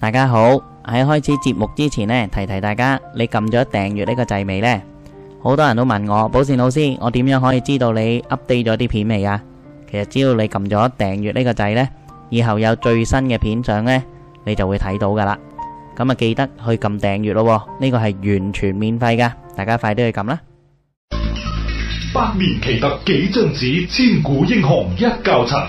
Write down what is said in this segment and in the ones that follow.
大家好，喺開始節目之前呢，提提大家，你撳咗訂閱呢個掣未呢？好多人都問我，寶善老師，我點樣可以知道你 update 咗啲片未啊？其實只要你撳咗訂閱呢個掣呢，以後有最新嘅片相呢，你就會睇到噶啦。咁啊，記得去撳訂閱咯，呢個係完全免費噶，大家快啲去撳啦。百年奇特幾張紙，千古英雄一窖塵。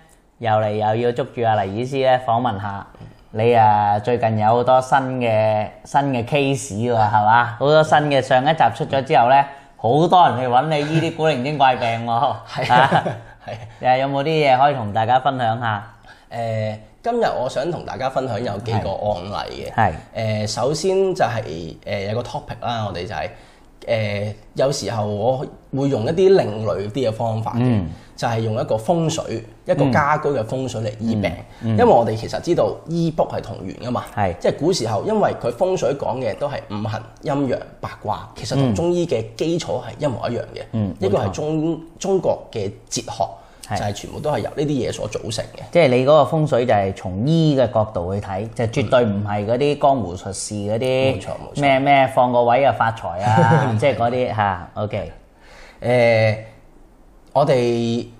又嚟又要捉住阿黎醫師咧訪問下你啊！最近有好多新嘅新嘅 case 喎，係嘛？好多新嘅上一集出咗之後咧，好多人去揾你醫啲古靈精怪病喎，係 啊係。誒有冇啲嘢可以同大家分享下？誒、呃、今日我想同大家分享有幾個案例嘅。係誒、啊啊呃，首先就係、是、誒、呃、有個 topic 啦，我哋就係、是、誒、呃、有時候我會用一啲另類啲嘅方法嘅，嗯、就係用一個風水，一個家居嘅風水嚟醫病， 嗯嗯嗯、因為我哋其實知道醫卜係同源㗎嘛，是即係古時候，因為佢風水講嘅都係五行、陰陽、八卦，其實同中醫嘅基礎係一模一樣嘅。呢、嗯、個係中中國嘅哲學，就係、是、全部都係由呢啲嘢所組成嘅。即係你嗰個風水就係從醫嘅角度去睇，嗯、就絕對唔係嗰啲江湖術士嗰啲咩咩放個位啊，發財啊，即係嗰啲嚇。OK，誒、 呃，我哋。嗯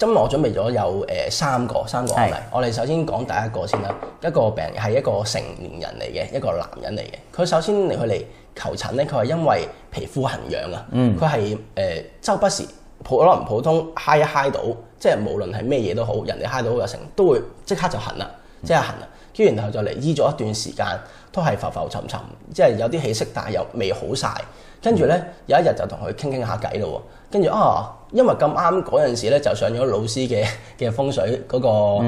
今日我準備咗有誒、呃、三個三個案例，的我哋首先講第一個先啦。一個病人係一個成年人嚟嘅，一個男人嚟嘅。佢首先嚟佢嚟求診咧，佢係因為皮膚痕癢啊。佢係誒周不時普可能普通，普通揩一揩到，即係無論係咩嘢都好，人哋揩到又成都會即刻就痕啦，即係痕啦。跟住、嗯、然後就嚟醫咗一段時間，都係浮浮沉沉，即係有啲起色，但係又未好晒、嗯。跟住咧有一日就同佢傾傾下偈咯，跟住啊。啊啊因為咁啱嗰陣時咧，就上咗老師嘅嘅風水嗰個誒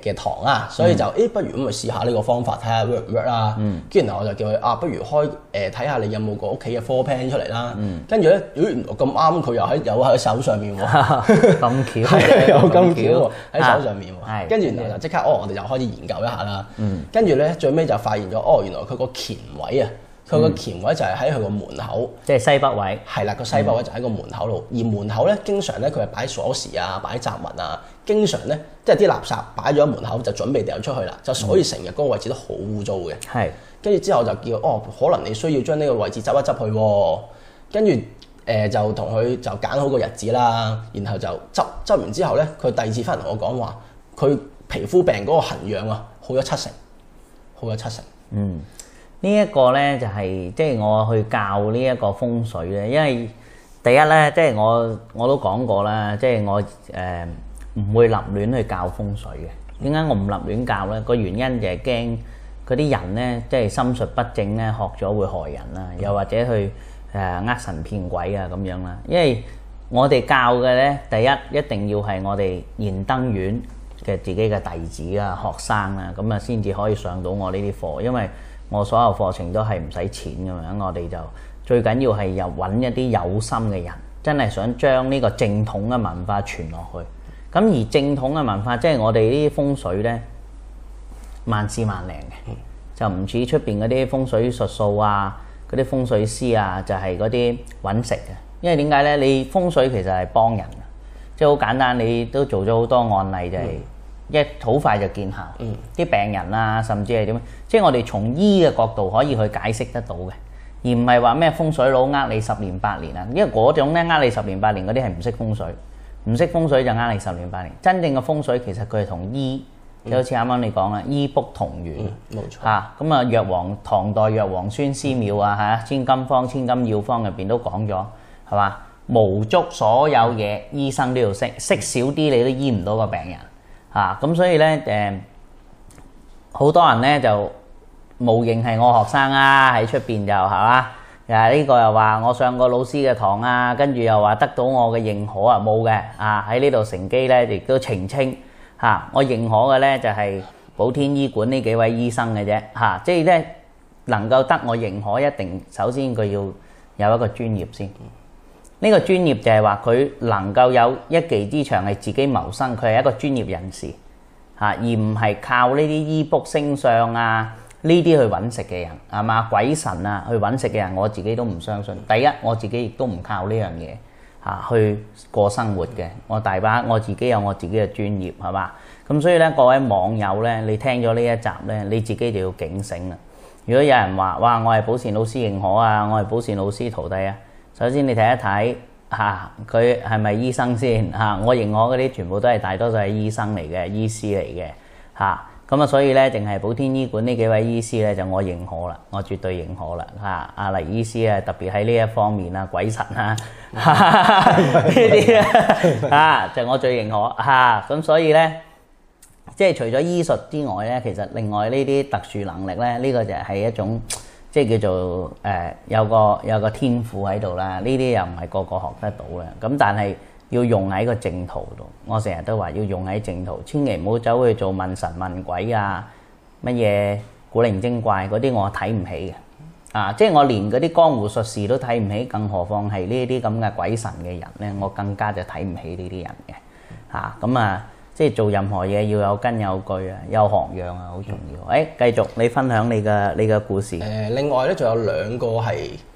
嘅堂啊，所以就誒不如咁咪試下呢個方法，睇下 work 唔 work 啦。嗯。跟住然後我就叫佢啊，不如開誒睇下你有冇個屋企嘅 floor plan 出嚟啦。嗯。跟住咧，咁啱佢又喺有喺手上面喎。咁巧。有咁巧喺手上面喎。跟住然後就即刻哦，我哋就開始研究一下啦。嗯。跟住咧最尾就發現咗哦，原來佢個乾位啊。佢個乾位就係喺佢個門口，即係西北位。係啦，個西北位就喺個門口度，嗯、而門口咧，經常咧佢係擺鎖匙啊，擺雜物啊，經常咧即係啲垃圾擺咗門口就準備掉出去啦，就所以成日嗰個位置都好污糟嘅。係、嗯，跟住之後就叫哦，可能你需要將呢個位置執一執佢、啊。呃、跟住誒就同佢就揀好個日子啦，然後就執執完之後咧，佢第二次翻嚟同我講話，佢皮膚病嗰個痕癢啊，好咗七成，好咗七成。嗯。呢一個咧就係即係我去教呢一個風水咧，因為第一咧即係我我都講過啦，即係我誒唔會立亂去教風水嘅。點解我唔立亂教咧？個原因就係驚嗰啲人咧，即係心術不正咧，學咗會害人啦，又或者去誒呃騙神騙鬼啊咁樣啦。因為我哋教嘅咧，第一一定要係我哋燃燈院嘅自己嘅弟子啊、學生啊，咁啊先至可以上到我呢啲課，因為。我所有課程都係唔使錢咁樣，我哋就最緊要係又揾一啲有心嘅人，真係想將呢個正統嘅文化傳落去。咁而正統嘅文化即係我哋呢啲風水咧，萬事萬靈嘅，嗯、就唔似出邊嗰啲風水術數啊，嗰啲風水師啊，就係嗰啲揾食嘅。因為點解咧？你風水其實係幫人，即係好簡單，你都做咗好多案例就係、係。嗯一好快就見效，啲病人啊，甚至係點樣？即係我哋從醫嘅角度可以去解釋得到嘅，而唔係話咩風水佬呃你十年八年啊。因為嗰種咧，呃你十年八年嗰啲係唔識風水，唔識風水就呃你十年八年。真正嘅風水其實佢係同醫就好似啱啱你講啊，醫卜同源，冇錯嚇。咁啊，藥王唐代藥王孫思邈啊，嚇《千金方》《千金要方》入邊都講咗，係嘛？無足所有嘢，醫生都要識，識少啲你都醫唔到個病人。啊，咁所以咧，誒，好多人咧就冒認係我學生啊，喺出邊就係嘛，又呢、這個又話我上過老師嘅堂啊，跟住又話得到我嘅認可啊，冇嘅，啊喺呢度乘機咧亦都澄清嚇、啊，我認可嘅咧就係、是、保天醫館呢幾位醫生嘅啫，嚇、啊，即係咧能夠得我認可，一定首先佢要有一個專業先。呢個專業就係話佢能夠有一技之長係自己謀生，佢係一個專業人士嚇，而唔係靠呢啲易卜星相啊呢啲去揾食嘅人係嘛？鬼神啊去揾食嘅人，我自己都唔相信。第一，我自己亦都唔靠呢樣嘢嚇去過生活嘅。我大把我自己有我自己嘅專業係嘛？咁所以呢，各位網友呢，你聽咗呢一集呢，你自己就要警醒啦。如果有人話哇，我係寶善老師認可啊，我係寶善老師徒弟啊。首先你睇一睇嚇，佢係咪醫生先嚇、啊？我認可嗰啲全部都係大多數係醫生嚟嘅，醫師嚟嘅嚇。咁啊，所以咧，淨係補天醫館呢幾位醫師咧，就我認可啦，我絕對認可啦嚇。阿、啊、黎醫師啊，特別喺呢一方面啊，鬼神啊，呢啲啊，就 我最認可嚇。咁、啊、所以咧，即、就、係、是、除咗醫術之外咧，其實另外呢啲特殊能力咧，呢、這個就係一種。即係叫做誒、呃、有個有個天賦喺度啦，呢啲又唔係個個學得到啦。咁但係要用喺個正途度，我成日都話要用喺正途，千祈唔好走去做問神問鬼啊，乜嘢古靈精怪嗰啲，我睇唔起嘅。啊，即係我連嗰啲江湖術士都睇唔起，更何況係呢啲咁嘅鬼神嘅人咧，我更加就睇唔起呢啲人嘅。嚇咁啊！嗯嗯啊即係做任何嘢要有根有據啊，有學養啊，好重要。誒、欸，繼續你分享你嘅你嘅故事。誒，另外咧，仲有兩個係誒、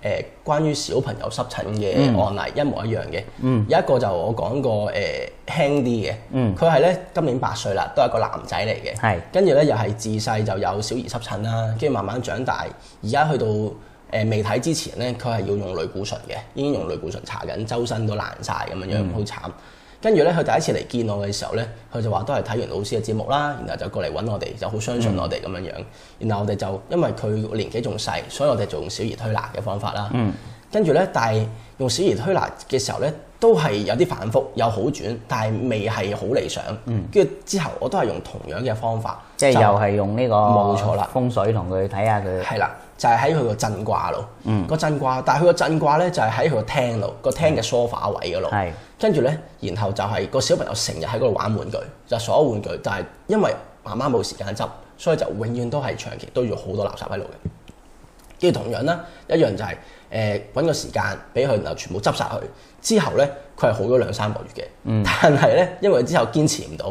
呃，關於小朋友濕疹嘅案例，嗯、一模一樣嘅。嗯。有一個就我講過誒、呃、輕啲嘅。嗯。佢係咧今年八歲啦，都係一個男仔嚟嘅。係是。跟住咧又係自細就有小兒濕疹啦，跟住慢慢長大，而家去到誒、呃、未睇之前咧，佢係要用類固醇嘅，已經用類固醇搽緊，周身都爛晒。咁樣樣，好慘。跟住咧，佢第一次嚟見我嘅時候咧，佢就話都係睇完老師嘅節目啦，然後就過嚟揾我哋，就好相信我哋咁樣樣。嗯，然後我哋就因為佢年紀仲細，所以我哋就用小兒推拿嘅方法啦。嗯，跟住咧，但係用小兒推拿嘅時候咧，都係有啲反覆，有好轉，但係未係好理想。嗯，跟住之後我都係用同樣嘅方法，即係又係用呢個冇錯啦，風水同佢睇下佢。係啦。就係喺佢個鎮掛度，個鎮掛，但係佢個鎮掛咧就係喺佢個廳度，個廳嘅梳化位嗰度。跟住咧，是然後就係、是個小朋友成日喺嗰度玩玩具，就所、是、有玩具，但係因為媽媽冇時間執，所以就永遠都係長期都要好多垃圾喺度嘅。跟住同樣啦，一樣就係誒揾個時間俾佢，然後全部執晒佢。之後咧，佢係好咗兩三個月嘅。嗯，但係咧，因為之後堅持唔到，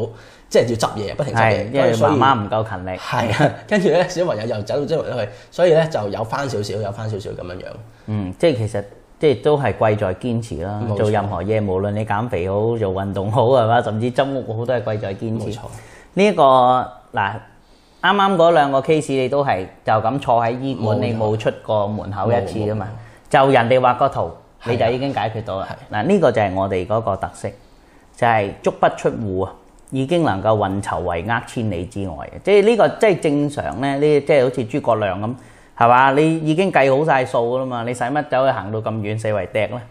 即係要執嘢，不停執嘢。因為以媽媽唔夠勤力。係啊，跟住咧，小朋友又走到周圍去，所以咧就有翻少少，有翻少少咁樣樣。嗯，即係其實即係都係貴在堅持啦。沒錯 做任何嘢，無論你減肥好，做運動好，係嘛，甚至執屋好，都係貴在堅持。呢一個嗱。啱啱嗰兩個 case 你都係就咁坐喺醫院，錯你冇出過門口一次啊嘛？錯就人哋畫個圖，錯你就已經解決到啦。嗱錯，呢個就係我哋嗰個特色，就係、是、足不出戶啊，已經能夠運籌帷幄千里之外嘅。即係呢、呢個即係正常咧，呢即係好似諸葛亮咁，係嘛？你已經計好曬數啦嘛？你使乜走去行到咁遠四圍趯咧？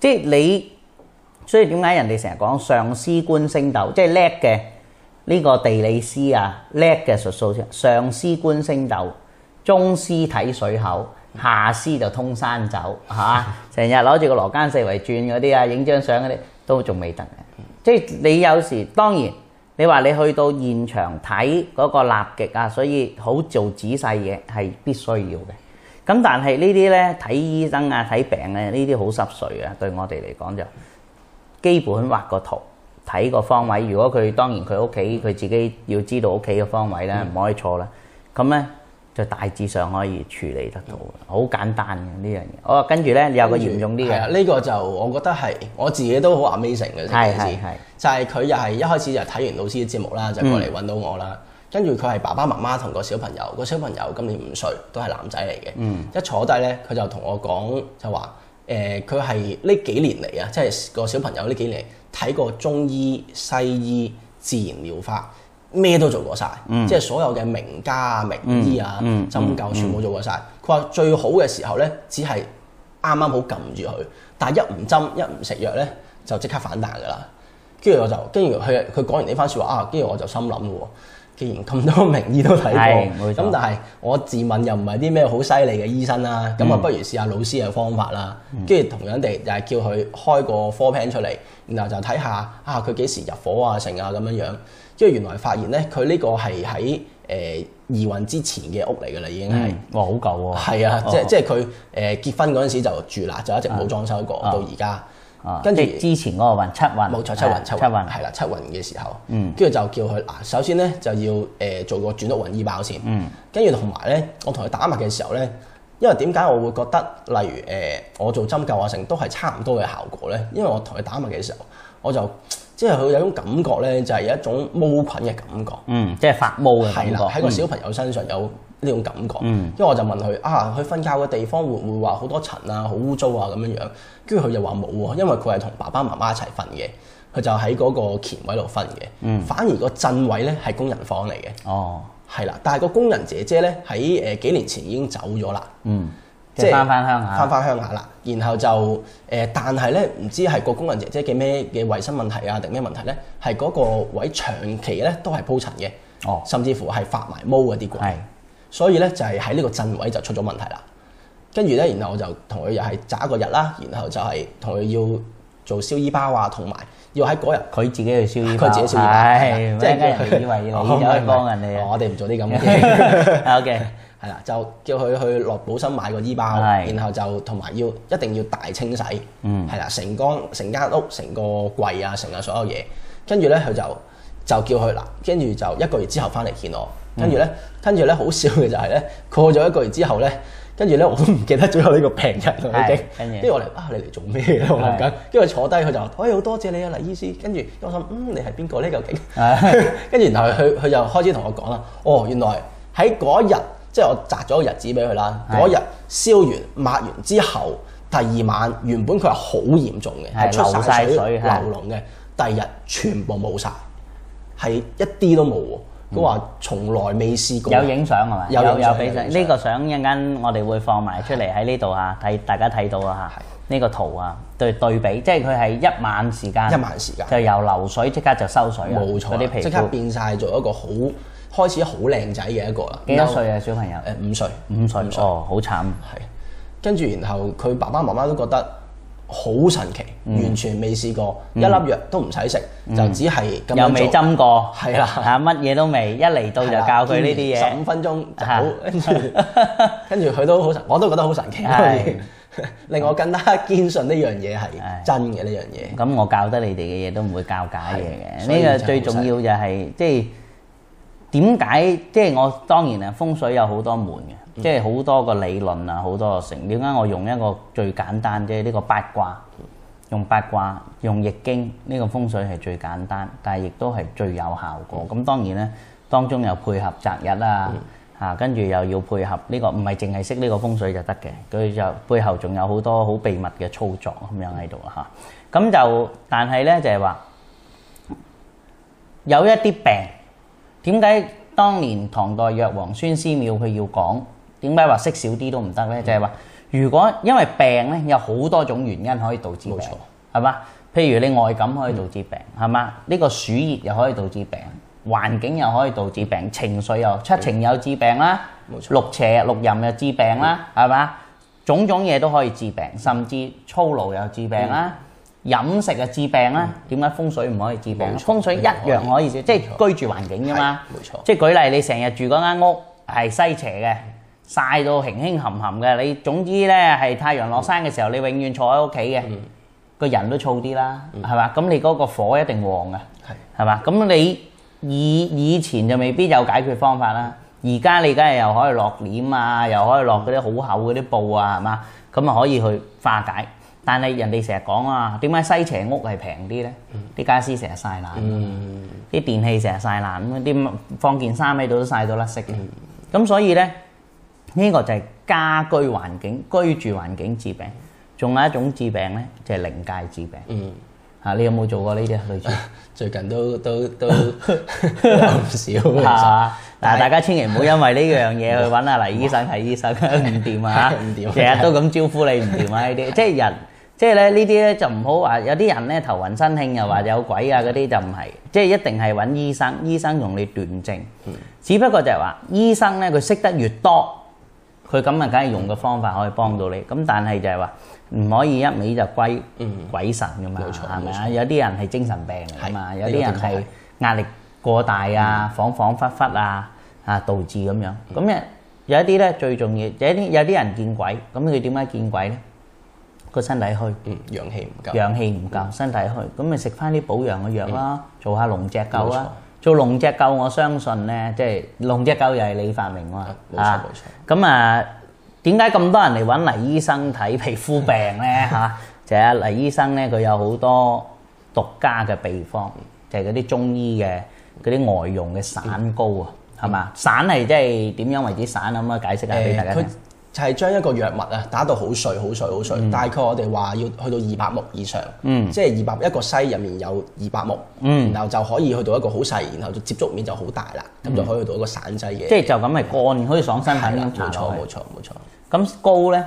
即係你，所以點解人哋成日講上司觀星斗，即係叻嘅。呢個地理師啊，叻嘅術數上師觀星斗，中師睇水口，下師就通山走嚇。成日攞住個羅庚四圍轉嗰啲啊，影張相嗰啲都仲未得嘅。即係你有時當然，你話你去到現場睇嗰個立極啊，所以好做仔細嘢係必須要嘅。咁但係呢啲咧，睇醫生啊睇病啊呢啲好濕碎啊，對我哋嚟講就基本畫個圖。睇個方位，如果佢當然佢屋企佢自己要知道屋企嘅方位咧，唔、嗯、可以錯啦。咁咧就大致上可以處理得到，好、嗯、簡單嘅呢樣嘢。哦，跟住咧有個嚴重啲嘅，呢、這個就我覺得係我自己都好 amazing 嘅一件事，就係佢又係一開始就睇完老師嘅節目啦，就過嚟揾到我啦。嗯、跟住佢係爸爸媽媽同個小朋友，個小朋友今年五歲，都係男仔嚟嘅。嗯，一坐低咧，佢就同我講就話，誒佢係呢幾年嚟啊，即係個小朋友呢幾年。就是睇過中醫、西醫、自然療法，咩都做過晒，嗯、即係所有嘅名家名醫啊、嗯嗯、針灸全部做過晒。佢話最好嘅時候咧，只係啱啱好撳住佢，但係一唔針、一唔食藥咧，就即刻反彈噶啦。跟住我就，跟住佢佢講完呢番說話啊，跟住我就心諗喎，既然咁多名醫都睇過，咁但係我自問又唔係啲咩好犀利嘅醫生啦，咁啊、嗯、不如試下老師嘅方法啦。跟住、嗯、同樣地就係叫佢開個科 o pan 出嚟。然後就睇下啊，佢幾時入伙啊、成啊咁樣樣，因為原來發現咧，佢呢個係喺誒二運之前嘅屋嚟㗎啦，已經係、嗯，哇好舊喎，係啊，啊哦、即係即係佢誒結婚嗰陣時就住啦，就一直冇裝修過、哦、到而家，跟住、哦、着之前嗰個運七運，冇錯七運七運，七運係啦七運嘅時候，跟住就叫佢啊，首先咧就要誒做個轉屋運二包先，跟住同埋咧，我同佢打脈嘅時候咧。因為點解我會覺得，例如誒、呃，我做針灸啊，成都係差唔多嘅效果咧。因為我同佢打脈嘅時候，我就即係佢有種感覺咧，就係、是、有一種毛菌嘅感覺。嗯，即係發毛嘅感覺。啦、嗯，喺個小朋友身上有呢種感覺。因為、嗯、我就問佢啊，佢瞓覺嘅地方會唔會話好多塵啊、好污糟啊咁樣樣？跟住佢就話冇喎，因為佢係同爸爸媽媽一齊瞓嘅，佢就喺嗰個乾位度瞓嘅。嗯、反而個震位咧係工人房嚟嘅。哦。係啦，但係個工人姐姐咧喺誒幾年前已經走咗啦。嗯，即係返返鄉下，返返鄉下啦。然後就誒、呃，但係咧唔知係個工人姐姐嘅咩嘅衞生問題啊，定咩問題咧？係嗰個位長期咧都係鋪塵嘅，哦、甚至乎係發埋毛嗰啲嘅。的所以咧就係喺呢個鎮位就出咗問題啦。跟住咧，然後我就同佢又係扎個日啦，然後就係同佢要。做燒衣包啊，同埋要喺嗰日佢自己去燒衣包，佢自己燒。係的，麼即係依個以為，依個可以幫人哋、 哦。我哋唔做啲咁嘅嘢。OK，係啦，就叫佢去落寶森買個衣包，的然後就同埋要一定要大清洗。嗯，係啦，成缸、成間屋、成個櫃啊，成個所有嘢。跟住咧，佢就就叫佢嗱，跟住就一個月之後翻嚟見我。跟住咧，跟住咧，好笑嘅就係、是、咧，過咗一個月之後咧。跟住咧，我都唔記得最後呢個病人喎已經。跟住我嚟，啊你嚟做咩咧？我諗緊。跟住的坐低佢就話，哎好多謝你啊，黎醫師。跟住我諗，嗯你係邊、這個呢？究竟的？跟住然後佢佢就開始同我講啦。哦，原來喺嗰日，即、就、係、是、我摘咗個日子俾佢啦。嗰日燒完抹完之後，第二晚原本佢係好嚴重嘅，係流曬水、流膿水嘅。第二日全部冇晒，係一啲都冇。都話從來未試過有影相係嘛？有有有，俾相，呢個相一陣間我哋會放埋出嚟喺呢度啊，睇大家睇到啊嚇。呢個圖啊對、對比，即係佢係一晚時間一晚時間就由流水即刻就收水，冇錯，啲皮即刻變晒做一個好開始好靚仔嘅一個啦。幾多歲啊，小朋友？誒五歲，五歲哦，好慘。係，跟住然後佢爸爸媽媽都覺得。好神奇，完全未試過，一粒藥都唔使食，就只係咁又未針過，係啦嚇，乜嘢都未，一嚟到就教佢呢啲嘢。十五分鐘就好，跟住佢都好神奇，我都覺得好神奇。令我更加堅信呢樣嘢係真嘅呢樣嘢。咁我教得你哋嘅嘢都唔會教假嘢嘅。呢個最重要就係即係點解？即係我當然啊，風水有好多門嘅。即係好多個理論啊，好多個成點解我用一個最簡單啫？呢、這個八卦，用八卦，用易經呢、這個風水係最簡單，但係亦都係最有效果。咁、嗯、當然咧，當中又配合擇日、嗯、啊，嚇跟住又要配合呢、這個，唔係淨係識呢個風水就得嘅，佢就背後仲有好多好秘密嘅操作咁樣喺度啦嚇。咁、啊、就但係咧就係話有一啲病點解當年唐代藥王孫思邈佢要講？點解話識少啲都唔得呢？就係話，如果因為病呢，有好多種原因可以導致病，係嘛？譬如你外感可以導致病，係嘛？呢個暑熱又可以導致病，環境又可以導致病，情緒又七情又致病啦，冇錯。六邪六淫又致病啦，係嘛？種種嘢都可以致病，甚至操勞又致病啦，飲食又致病啦。點解風水唔可以致病？風水一樣可以致，即係居住環境啫嘛。冇錯，即係舉例，你成日住嗰間屋係西斜嘅。曬到輕輕含含嘅，你總之咧係太陽落山嘅時候，你永遠坐喺屋企嘅，個人都燥啲啦，係嘛？咁你嗰個火一定旺㗎，係嘛？咁你以以前就未必有解決方法啦，而家你梗係又可以落簾啊，又可以落嗰啲好厚嗰啲布啊，係嘛？咁啊可以去化解。但係人哋成日講啊，點解西斜屋係平啲咧？啲傢俬成日曬爛，啲電器成日曬爛，咁啲放件衫喺度都曬到甩色嘅。咁所以咧。呢個就係家居環境、居住環境治病，仲有一種治病咧，就係靈界治病。嚇，你有冇做過呢啲啊，女仔？最近都都都有唔少。係嘛？但係大家千祈唔好因為呢樣嘢去揾阿黎醫生，係醫生唔掂啊！嚇，唔掂，成日都咁招呼你唔掂啊！呢啲即係人，即係咧呢啲咧就唔好話，有啲人咧頭暈身興又話有鬼啊嗰啲就唔係，即係一定係揾醫生，醫生同你斷症。嗯。只不過就係話，醫生咧佢識得越多。佢咁啊，梗係用個方法可以幫到你。咁但係就係話唔可以一味就歸鬼神噶嘛，冇錯，係咪啊？有啲人係精神病嚟啊嘛，有啲人係壓力過大啊，恍恍惚惚啊，啊導致咁樣。咁誒有一啲咧最重要，有一啲有啲人見鬼，咁佢點解見鬼咧？個身體虛，陽氣唔夠，陽氣唔夠，身體虛，咁咪食翻啲補養嘅藥啦，做下龍脊灸啊。做龍脊灸，我相信咧，即係龍脊灸又係你發明喎。冇錯冇錯。咁啊，點解咁多人嚟揾黎醫生睇皮膚病咧？嚇、 啊，就係、是、黎醫生咧，佢有好多獨家嘅秘方，就係嗰啲中醫嘅嗰啲外用嘅散膏啊，係嘛？散係即係點樣為止散？可唔可以解釋下俾大家聽、嗯？就係將一個藥物啊打到好碎、好碎、好碎，大概我哋話要去到二百目以上，即係二百目，一個西入面有二百目，然後就可以去到一個好細，然後就接觸面就好大啦，咁就可以去到一個散劑嘅。即係就咁係乾可以爽身。品㗎。冇錯冇錯冇錯。咁膏咧，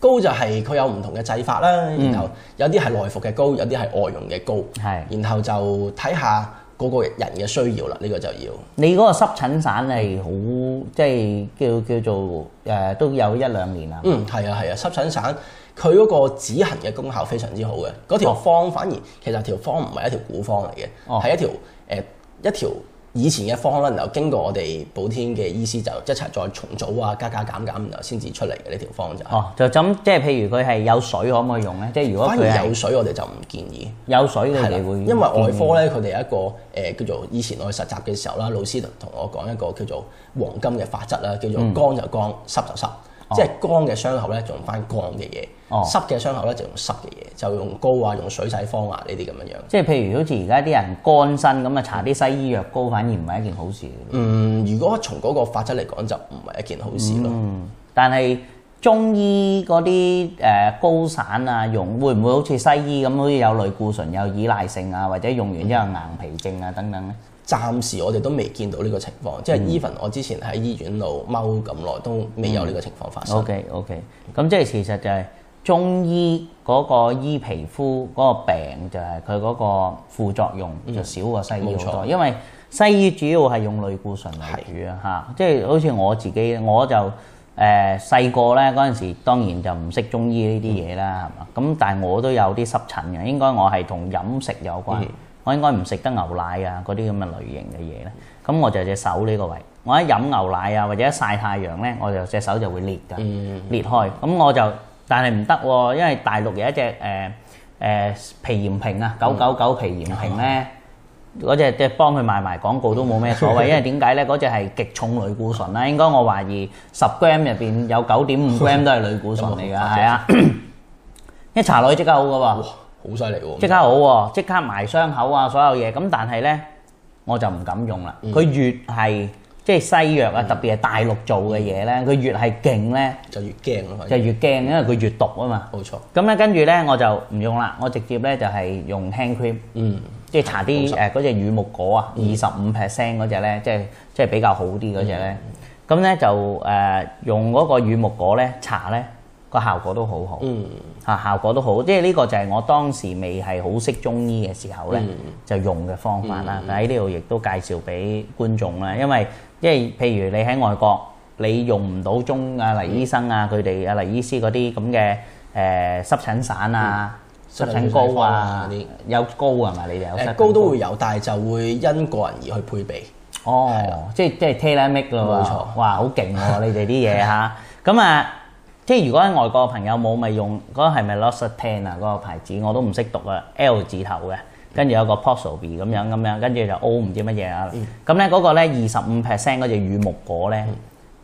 膏就係佢有唔同嘅製法啦，然後有啲係內服嘅膏，有啲係外用嘅膏，然後就睇下。個個人嘅需要啦，呢、呢個就要。你嗰個濕疹散係好，嗯、即係叫叫做誒、呃，都有一兩年啦。嗯，係啊係啊，濕疹散佢嗰個止痕嘅功效非常之好嘅，嗰條方、哦、反而其實條方唔係一條古方嚟嘅，係一條誒一條。呃一條以前嘅方可能就經過我哋補天嘅醫師就一齊再重組啊，加加減減然後先至出嚟嘅呢條方就哦，就咁即係譬如佢係有水可唔可以用咧？即係如果佢有水，我哋就唔建議。有水你哋會因為外科咧，佢哋有一個誒叫做以前我去實習嘅時候啦，老師同我講一個叫做黃金嘅法則啦，叫做乾就乾，濕就濕。即係乾嘅傷口咧，就用翻乾嘅嘢；哦、濕嘅傷口咧，就用濕嘅嘢，就用膏啊，用水洗方啊呢啲咁樣樣。即係譬如好似而家啲人乾身咁啊，搽啲西醫藥膏反而唔係一件好事。嗯，如果從嗰個法則嚟講，就唔係一件好事咯、嗯。但係中醫嗰啲誒膏散啊，用會唔會好似西醫咁好似有類固醇有依賴性啊，或者用完之後硬皮症啊等等咧？嗯暫時我哋都未見到呢個情況，即係 even 我之前喺醫院度踎咁耐都未有呢個情況發生。OK，OK，咁即係其實就係、是、中醫嗰個醫皮膚嗰個病就係佢嗰個副作用就少過西醫好多，嗯嗯、因為西醫主要係用類固醇嚟治啊嚇，即係、嗯、好似我自己我就誒細個咧嗰陣時,時當然就唔識中醫呢啲嘢啦，係嘛、嗯？咁但係我都有啲濕疹嘅，應該我係同飲食有關。嗯我應該唔食得牛奶啊，嗰啲咁嘅類型嘅嘢咧。咁我就隻手呢個位，我一飲牛奶啊，或者一曬太陽咧，我就隻手就會裂㗎，裂開。咁我就，但係唔得喎，因為大陸有一隻誒誒皮炎平啊，九九九皮炎平咧，嗰隻只幫佢賣埋廣告都冇咩所謂。因為點解咧？嗰隻係極重類固醇啦，應該我懷疑十 gram 入邊有九點五 gram 都係類固醇嚟㗎，係啊，一搽落去即刻好㗎喎。好犀利即刻好喎！即刻埋傷口啊，所有嘢咁，但係咧我就唔敢用啦。佢越係即係西藥啊，特別係大陸做嘅嘢咧，佢越係勁咧，就越驚咯。就係越驚，因為佢越毒啊嘛。冇錯。咁咧跟住咧我就唔用啦，我直接咧就係用 hand cream，即係搽啲誒嗰隻乳木果啊，二十五 percent 嗰隻咧，即係即係比較好啲嗰隻咧。咁咧就誒用嗰個乳木果咧搽咧。個效果都好好，嚇效果都好，即係呢個就係我當時未係好識中醫嘅時候咧，就用嘅方法啦。喺呢度亦都介紹俾觀眾啦，因為即係譬如你喺外國，你用唔到中啊黎醫生啊佢哋啊黎醫師嗰啲咁嘅誒濕疹散啊、濕疹膏啊嗰啲，有膏係嘛？你哋有膏都會有，但係就會因個人而去配備。哦，即係即係 tailor-made 咯嘛，冇錯，哇，好勁喎！你哋啲嘢嚇咁啊！即係如果喺外國朋友冇咪用嗰、那個係咪 Loss Ten 啊嗰、那個牌子我都唔識讀啊 L 字頭嘅，跟住有個 p o s s、so、l y 咁樣咁樣，跟住就 O 唔知乜嘢啊。咁咧嗰個咧二十五 percent 嗰隻乳木果咧，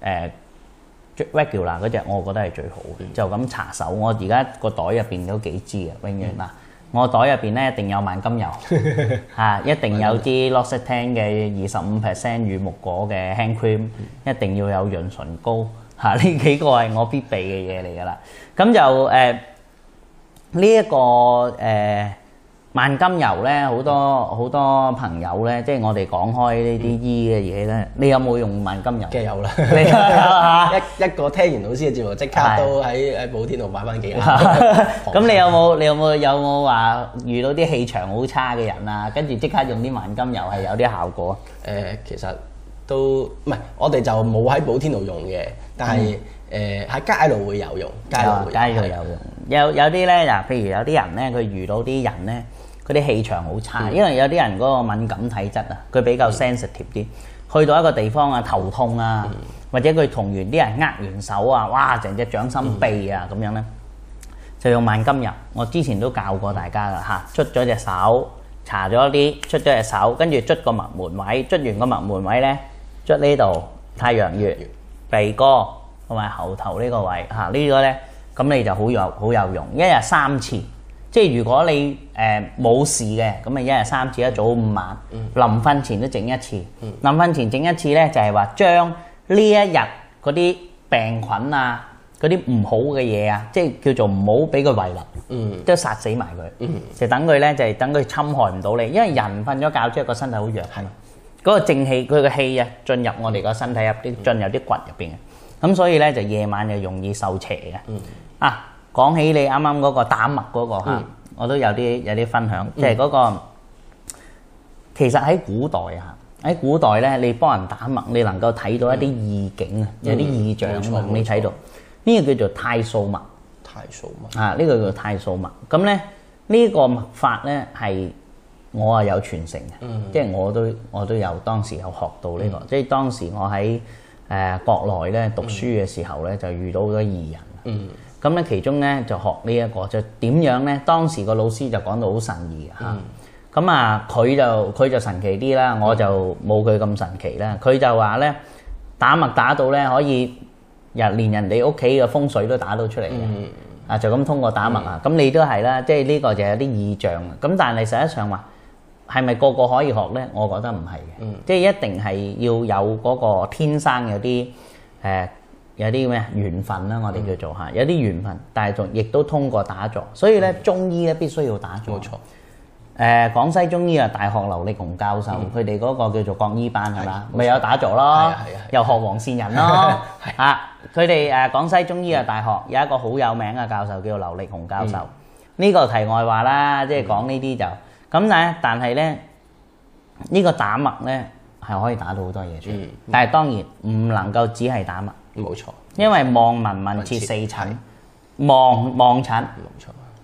誒 regular 嗰隻我覺得係最好，嘅。就咁查手。我而家個袋入邊都幾支啊，永遠嗱，嗯、我袋入邊咧一定有萬金油嚇、 啊，一定有啲 Loss Ten 嘅二十五 percent 乳木果嘅 hand cream，、嗯、一定要有潤唇膏。嚇！呢幾個係我必備嘅嘢嚟㗎啦。咁就誒呢一個誒萬金油咧，好多好多朋友咧，即係我哋講開呢啲醫嘅嘢咧。你有冇用萬金油？梗有啦！ 一一個聽完老師嘅節目，即刻都喺喺補天度買翻幾粒。咁 你有冇？你有冇？有冇話遇到啲氣場好差嘅人啊？跟住即刻用啲萬金油係有啲效果？誒，其實。都唔係，我哋就冇喺寶天度用嘅，但係誒喺街度會有用，街度會有，街度有用。有有啲咧嗱，譬如有啲人咧，佢遇到啲人咧，佢啲氣場好差，嗯、因為有啲人嗰個敏感體質啊，佢比較 sensitive 啲。嗯、去到一個地方啊，頭痛啊，嗯、或者佢同完啲人握完手啊，哇！成隻掌心痹啊咁樣咧，就用萬金油。我之前都教過大家啦嚇，捽、啊、咗隻手，搽咗啲，捽咗隻手，跟住捽個脈門位，捽完個脈門位咧。捽呢度、太陽穴、鼻哥同埋後頭呢個位嚇，呢個咧，咁你就好有好有用，一日三次。即係如果你誒冇事嘅，咁咪一日三次，一早五晚，臨瞓前都整一次。臨瞓前整一次咧，就係話將呢一日嗰啲病菌啊、嗰啲唔好嘅嘢啊，即係叫做唔好俾佢遺留，都殺死埋佢，就等佢咧，就係等佢侵害唔到你，因為人瞓咗覺之後個身體好弱，係嘛？嗰個正氣，佢個氣啊，進入我哋個身體入邊，進入啲骨入邊嘅，咁所以咧就夜晚就容易受邪嘅。嗯、啊，講起你啱啱嗰個打脈嗰、嗰個、嗯、我都有啲有啲分享，即係嗰個其實喺古代啊，喺古代咧，你幫人打脈，你能夠睇到一啲異景，啊、嗯，有啲異象你睇到呢個叫做太素脈，太素脈啊，呢、呢個叫太素脈。咁咧、嗯、呢、呢個脈法咧係。我啊有傳承嘅，嗯、即係我都我都有當時有學到呢、呢個，嗯、即係當時我喺誒國內咧讀書嘅時候咧就遇到好多異人，咁咧、嗯、其中咧就學呢、呢、一個，就點樣咧？當時個老師就講到好神異嚇，咁、嗯、啊佢就佢就神奇啲啦，我就冇佢咁神奇啦。佢就話咧打脈打到咧可以日連人哋屋企嘅風水都打到出嚟嘅，啊、嗯、就咁通過打脈啊，咁、嗯嗯、你都係啦，即係呢個就有啲異象，咁但係實際上話。係咪個個可以學呢？我覺得唔係嘅，即係一定係要有嗰個天生有啲誒有啲咩啊緣分啦，我哋叫做嚇，有啲緣分，但係亦都通過打坐。所以咧，中醫咧必須要打坐。冇錯，廣西中醫啊，大學劉力紅教授，佢哋嗰個叫做國醫班係嘛，咪有打坐咯，又學王善人咯，嚇佢哋誒廣西中醫啊大學有一個好有名嘅教授叫劉力紅教授，呢個題外話啦，即係講呢啲就。咁但係，但係咧，呢個打脈咧係可以打到好多嘢出嚟。但係當然唔能夠只係打脈。冇錯，因為望聞問切四診，望望診，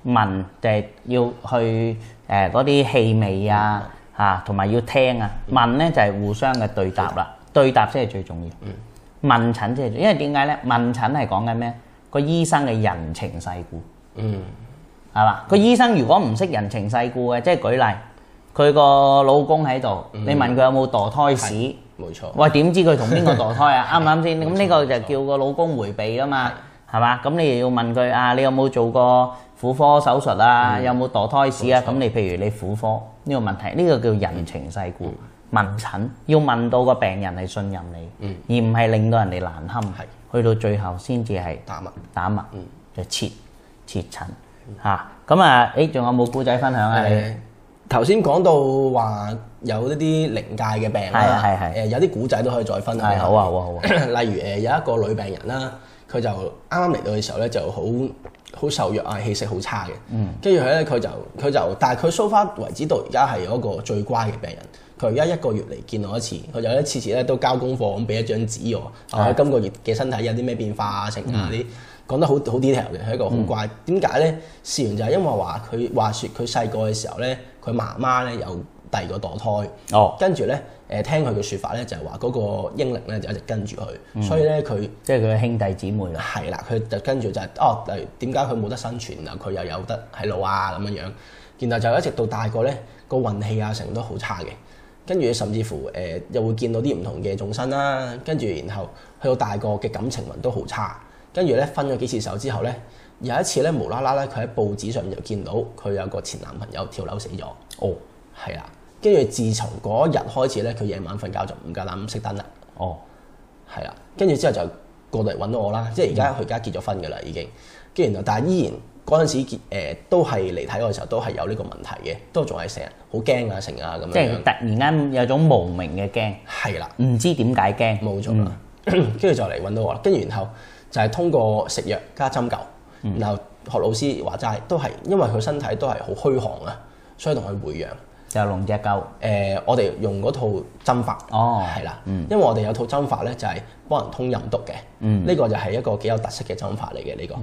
聞就係要去誒嗰啲氣味啊嚇，同埋要聽啊。問咧就係互相嘅對答啦，對答先係最重要。問診即係，因為點解咧？問診係講緊咩？個醫生嘅人情世故。嗯。係嘛？個醫生如果唔識人情世故嘅，即係舉例，佢個老公喺度，你問佢有冇墮胎史？冇錯。喂，點知佢同邊個墮胎啊？啱唔啱先？咁呢個就叫個老公迴避啊嘛，係嘛？咁你又要問佢啊，你有冇做過婦科手術啊？有冇墮胎史啊？咁你譬如你婦科呢個問題，呢個叫人情世故。問診，要問到個病人係信任你，而唔係令到人哋難堪，去到最後先至係打脈，打脈就切切診。嚇！咁啊，誒仲有冇古仔分享啊？誒頭先講到話有、呃、有一啲靈界嘅病啦，誒有啲古仔都可以再分享。好啊，好啊。好 例如誒有一個女病人啦，佢就啱啱嚟到嘅時候咧就好好受弱啊，氣息好差嘅。嗯。跟住咧佢就佢就，但係佢收翻為止到而家係有一個最乖嘅病人。佢而家一個月嚟見我一次，佢就一次次咧都交功課咁俾一張紙我。係的。我、啊、今個月嘅身體有啲咩變化啊？情況啲。嗯講得好好 detail 嘅，係一個好怪。點解咧？事緣就係因為說話佢話説佢細個嘅時候咧，佢媽媽咧有第二個墮胎。哦，跟住咧，誒聽佢嘅説法咧，就係話嗰個嬰靈咧就一直跟住佢，嗯、所以咧佢即係佢嘅兄弟姊妹。係啦，佢就跟住就係、是、哦。例如點解佢冇得生存啊？佢又有得喺路啊咁樣樣。然後就一直到大個咧，個運氣啊成都好差嘅。跟住甚至乎誒、呃、又會見到啲唔同嘅眾生啦。跟住然後去到大個嘅感情運都好差。跟住咧分咗幾次手之後咧，有一次咧無啦啦咧，佢喺報紙上面就見到佢有個前男朋友跳樓死咗。哦，係啦。跟住自從嗰日開始咧，佢夜晚瞓覺就唔夠膽熄燈啦。哦，係啦。跟住之後就過嚟揾到我啦。即係而家佢而家結咗婚㗎喇，已經了了。跟住然後，但係依然嗰陣時結、呃、都係嚟睇我嘅時候都係有呢個問題嘅，都仲係成日好驚啊，成啊咁樣。即係突然間有種無名嘅驚。係啦、嗯，唔知點解驚冇咗啦。跟住、嗯、就嚟揾到我啦。跟住然後。就係通過食藥加針灸，然後學老師話齋都係因為佢身體都係好虛寒啊，所以同佢回陽就用龍脊灸。誒，我哋用嗰套針法，係啦，因為我哋有套針法咧就係幫人通任督嘅，呢個就係一個幾有特色嘅針法嚟嘅呢個。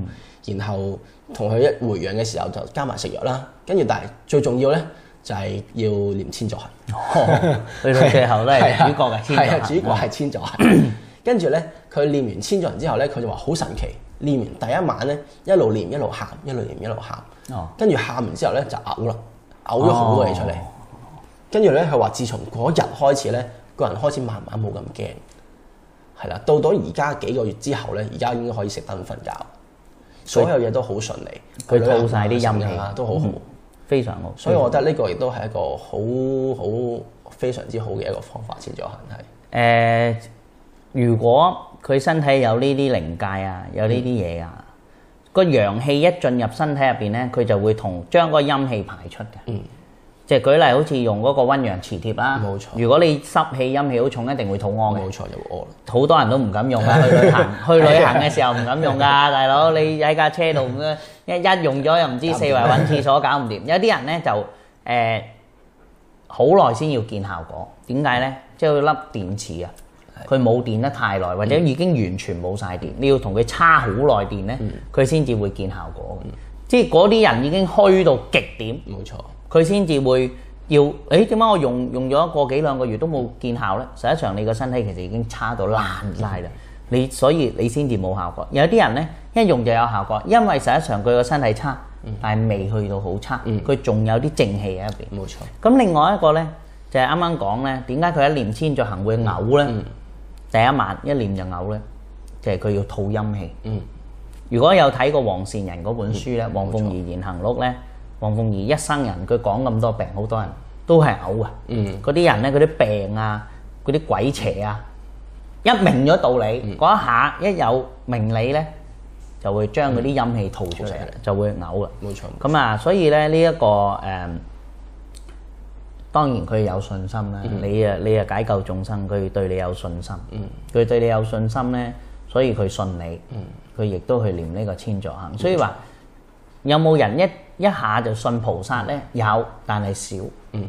然後同佢一回陽嘅時候就加埋食藥啦，跟住但係最重要咧就係要黏千咗痕。去到最後都係主角嘅，係啊，主角係纏咗痕。跟住咧，佢練完千座人之後咧，佢就話好神奇。練完第一晚咧，一路練一路喊，一路練一路喊。跟住喊完之後咧，就嘔啦，嘔咗好多嘢出嚟。哦。跟住咧，佢話自從嗰日開始咧，個人開始慢慢冇咁驚。係啦，到到而家幾個月之後咧，而家應該可以食得瞓覺，所有嘢都好順利。佢吐晒啲陰氣都好，嗯、好，非常好。所以我覺得呢個亦都係一個好好非常之好嘅一個方法，千座行係。誒、嗯。如果佢身體有呢啲靈界啊，有呢啲嘢啊，個陽氣一進入身體入邊呢，佢就會同將個陰氣排出嘅。嗯，即係舉例，好似用嗰個溫陽磁貼啦。冇錯。如果你濕氣陰氣好重，一定會肚屙。冇錯，就會屙。好多人都唔敢用啊！ 去旅行，去旅行嘅時候唔敢用噶，大佬，你喺架車度咁樣一一用咗，又唔知四圍揾廁所，搞唔掂。有啲人呢，就誒好耐先要見效果，點解呢？即係會粒電池啊。佢冇電得太耐，或者已經完全冇晒電，嗯、你要同佢差好耐電呢，佢先至會見效果。嗯、即係嗰啲人已經虛到極點，冇沒錯，佢先至會要。誒，點解我用用咗個幾兩個月都冇見效呢？實際上你個身體其實已經差到爛晒啦，你、嗯、所以你先至冇效果。有啲人呢，一用就有效果，因為實際上佢個身體差，但係未去到好差，佢仲、嗯、有啲正氣喺入邊。冇沒錯。咁另外一個呢，就係啱啱講呢，點解佢一年穿咗行會嘔呢？嗯嗯第一晚一念就嘔咧，就係佢要吐陰氣。嗯，如果有睇過王善人嗰本書咧，《王鳳儀言行錄》咧，王鳳儀一生人佢講咁多病，好多人都係嘔啊。嗯，嗰啲人咧，嗰啲病啊，嗰啲鬼邪啊，一明咗道理，嗰一下一有明理咧，就會將嗰啲陰氣吐出嚟，就會嘔噶。冇錯。咁啊，所以咧呢一個誒。當然佢有信心啦、嗯，你啊你啊解救眾生，佢對你有信心。佢、嗯、對你有信心咧，所以佢信你。佢、嗯、亦都去念呢個千座行。所以話有冇人一一下就信菩薩呢？有，但係少，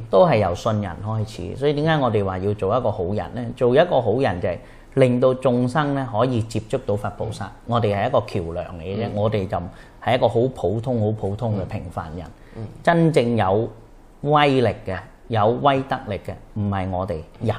都係由信人開始。所以點解我哋話要做一個好人呢？做一個好人就係令到眾生咧可以接觸到佛菩薩。我哋係一個橋梁嚟嘅啫，嗯、我哋就係一個好普通、好普通嘅平凡人。嗯嗯嗯嗯、真正正有威力嘅。有威德力嘅，唔係我哋人，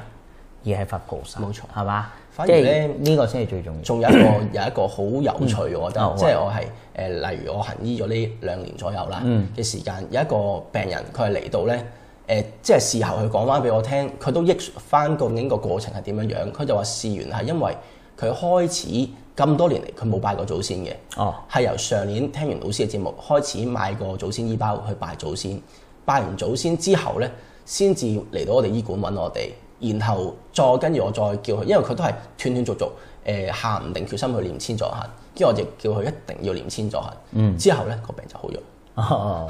而係佛菩薩，冇錯，係嘛？反而咧，呢個先係最重要。仲有一個 有一個好有趣我覺得，即係、嗯哦、我係誒，例如我行醫咗呢兩年左右啦嘅時間，嗯、有一個病人佢係嚟到咧，誒、呃，即係事後佢講翻俾我聽，佢都益翻個整個過程係點樣樣。佢就話試完係因為佢開始咁多年嚟佢冇拜過祖先嘅，係、哦、由上年聽完老師嘅節目開始買過祖先衣包去拜祖先，拜完祖先之後咧，先至嚟到我哋醫館揾我哋，然後再跟住我再叫佢，因為佢都係斷斷續續，誒、呃、下唔定決心去念千咗痕。跟住我就叫佢一定要念千咗痕，之後咧個病就好咗、嗯哦，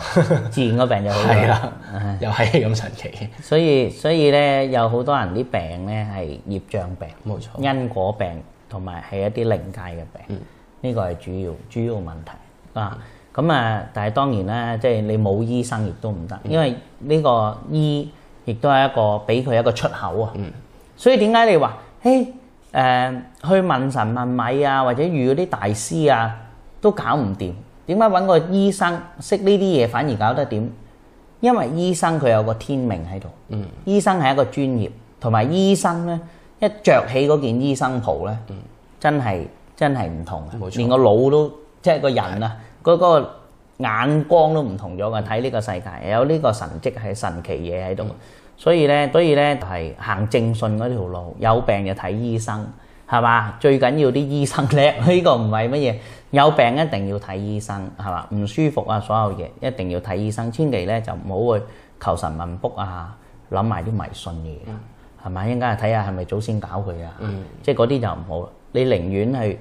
自然個病就好。係啦 的， 又係咁神奇 所。所以所以咧，有好多人啲病咧係業障病，冇錯，因果病同埋係一啲靈界嘅病，呢個係主要主要問題啊。嗯咁啊！但係當然啦，即係你冇醫生亦都唔得，因為呢個醫亦都係一個俾佢一個出口啊。嗯、所以點解你話，嘿誒、呃、去問神問米啊，或者遇嗰啲大師啊，都搞唔掂？點解揾個醫生識呢啲嘢反而搞得掂？因為醫生佢有個天命喺度，嗯、醫生係一個專業，同埋醫生咧一着起嗰件醫生袍咧、嗯，真係真係唔同，錯連個腦都即係個人啊！嗯嗰個眼光都唔同咗嘅，睇呢個世界有呢個神跡係神奇嘢喺度，所以咧，所以咧就係行正信嗰條路。有病就睇醫生，係嘛？最緊要啲醫生叻，呢 個唔係乜嘢。有病一定要睇醫生，係嘛？唔舒服啊，所有嘢一定要睇醫生，千祈咧就唔好去求神問卜啊，諗埋啲迷信嘢，係咪？應該係睇下係咪祖先搞佢啊，嗯、即係嗰啲就唔好。你寧願去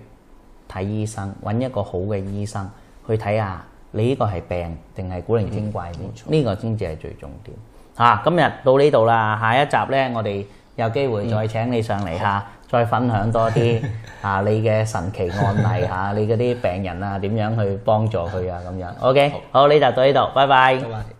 睇醫生，揾一個好嘅醫生。去睇下，你呢個係病定係古靈精怪呢、嗯、呢個先至係最重點。嚇、啊，今日到呢度啦，下一集呢，我哋有機會再請你上嚟嚇，嗯、再分享多啲嚇、 啊、你嘅神奇案例嚇、啊，你嗰啲病人啊點樣去幫助佢啊咁樣。OK，好，呢集就到呢度，拜拜。拜拜